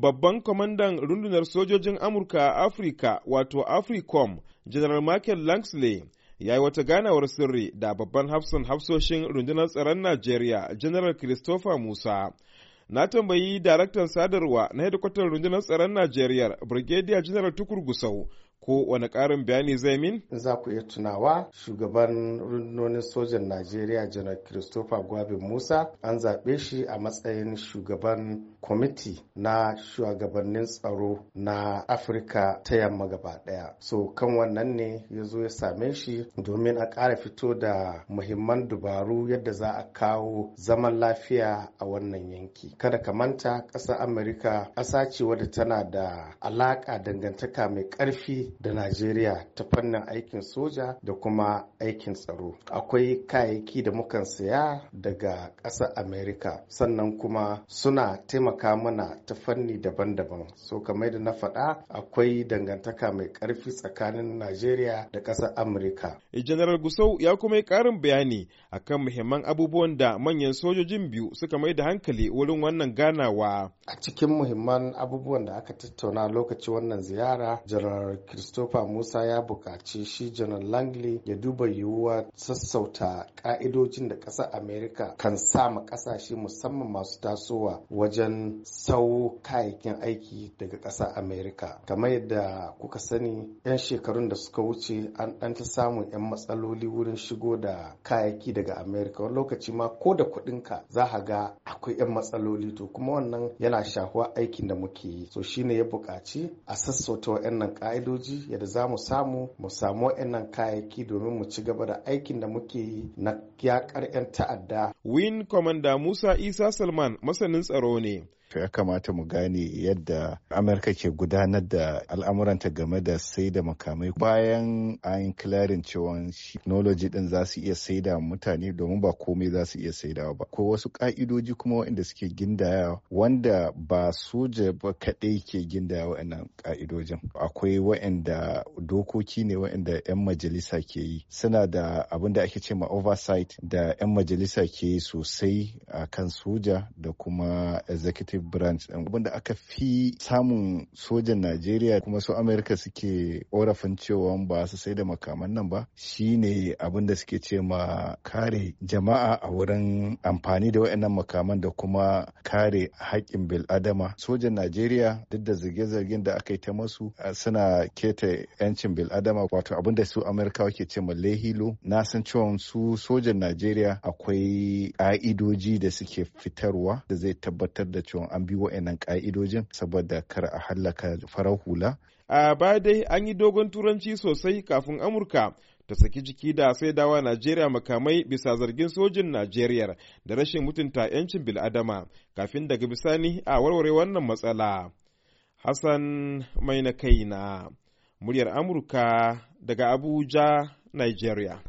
babban kwamandan rundunar sojojin Amurka a Afirka wato AFRICOM, General Michael Langsley, ya yi wata ganawar sirri da babban hafsan hafsoshin rundunar tsaron Najeriya, General Christopher Musa. Na tambayi daraktan sadarwa na hedikwatar rundunar tsaron Najeriya, Brigadier General Tukur Gusau, ko wani ƙarin bayani zai min? Za ku iya tunawa shugaban rundunonin sojan Najeriya janar Christopher Gwabin Musa an zaɓe shi a matsayin shugaban kwamiti na shugabannin tsaro na Afirka ta yamma gaba ɗaya. So kan wannan ne ya zo ya same shi domin a ƙara fito da muhimman dubaru yadda za a kawo zaman lafiya a wannan yanki. Kada ka manta ƙasar Amurka ƙasa ce wadda tana da alaƙa dangantaka mai ƙarfi da Najeriya ta fannin aikin soja da kuma aikin tsaro. Akwai kayayyaki da mukan saya daga ƙasar Amerika sannan kuma suna taimaka mana ta fanni daban-daban. So kamar da na faɗa akwai dangantaka mai ƙarfi tsakanin Najeriya da ƙasar Amerika. Eh, General Gusau ya kuma yi ƙarin bayani akan muhimman abubuwan da manyan sojojin biyu suka mai da hankali wurin wannan ganawa. A cikin muhimman abubuwan da aka tattauna lokacin wannan ziyara, General christopher musa ya bukaci shi janar langley ya duba yiwuwa sassauta ƙa'idojin da ƙasar Amerika kan sama ƙasashe musamman masu tasowa wajen sau kayayyakin aiki daga ƙasar Amerika. kamar yadda kuka sani 'yan shekarun da suka wuce an ɗan ta samun 'yan matsaloli wurin shigo da kayayyaki daga Amerika. wani lokaci ma ko da kuɗinka za a ga akwai 'yan matsaloli to kuma wannan yana shahuwa aikin da muke yi so shine ya buƙaci a sassauta wa'annan ƙa'idoji hujjoji yadda za mu samu mu samu wa'annan kayayyaki domin mu ci gaba da aikin da muke yi na yakar 'yan ta'adda. Win Commander Musa Isa Salman masanin tsaro ne. to ya kamata mu gane yadda amurka ke gudanar da al'amuranta game da sai da makamai bayan an kilarin cewa technology din za su iya saida mutane domin ba komai za su iya saidawa ba ko wasu ka'idoji kuma waɗanda suke gindaya wanda ba soja ba kaɗai ke gindaya waɗannan ka'idojin akwai waɗanda dokoki ne waɗanda 'yan majalisa ke yi suna da abin da ake ce ma oversight da 'yan majalisa ke yi sosai a kan soja da kuma executive executive branch din wanda aka fi samun sojan Najeriya kuma su Amerika suke ƙorafin cewa ba su sai da makaman nan ba shine abin da suke ce ma kare jama'a a wurin amfani da waɗannan makaman da kuma kare haƙƙin bil'adama sojan Najeriya duk da zirge-zirgen da aka yi ta masu suna keta 'yancin bil'adama wato abin da su Amerika ke ce ma lehilo na san cewa su sojan Najeriya akwai ƙa'idoji da suke fitarwa da zai tabbatar da cewa an bi wa'annan ka'idojin saboda kar a hallaka farar hula. A ba dai an yi dogon turanci sosai kafin Amurka ta saki jiki da sai wa Najeriya makamai bisa zargin sojin Najeriya da rashin mutunta 'yancin bil'adama kafin daga bisani a warware wannan matsala. Hassan mai na kai na muryar Amurka daga Abuja, Nigeria.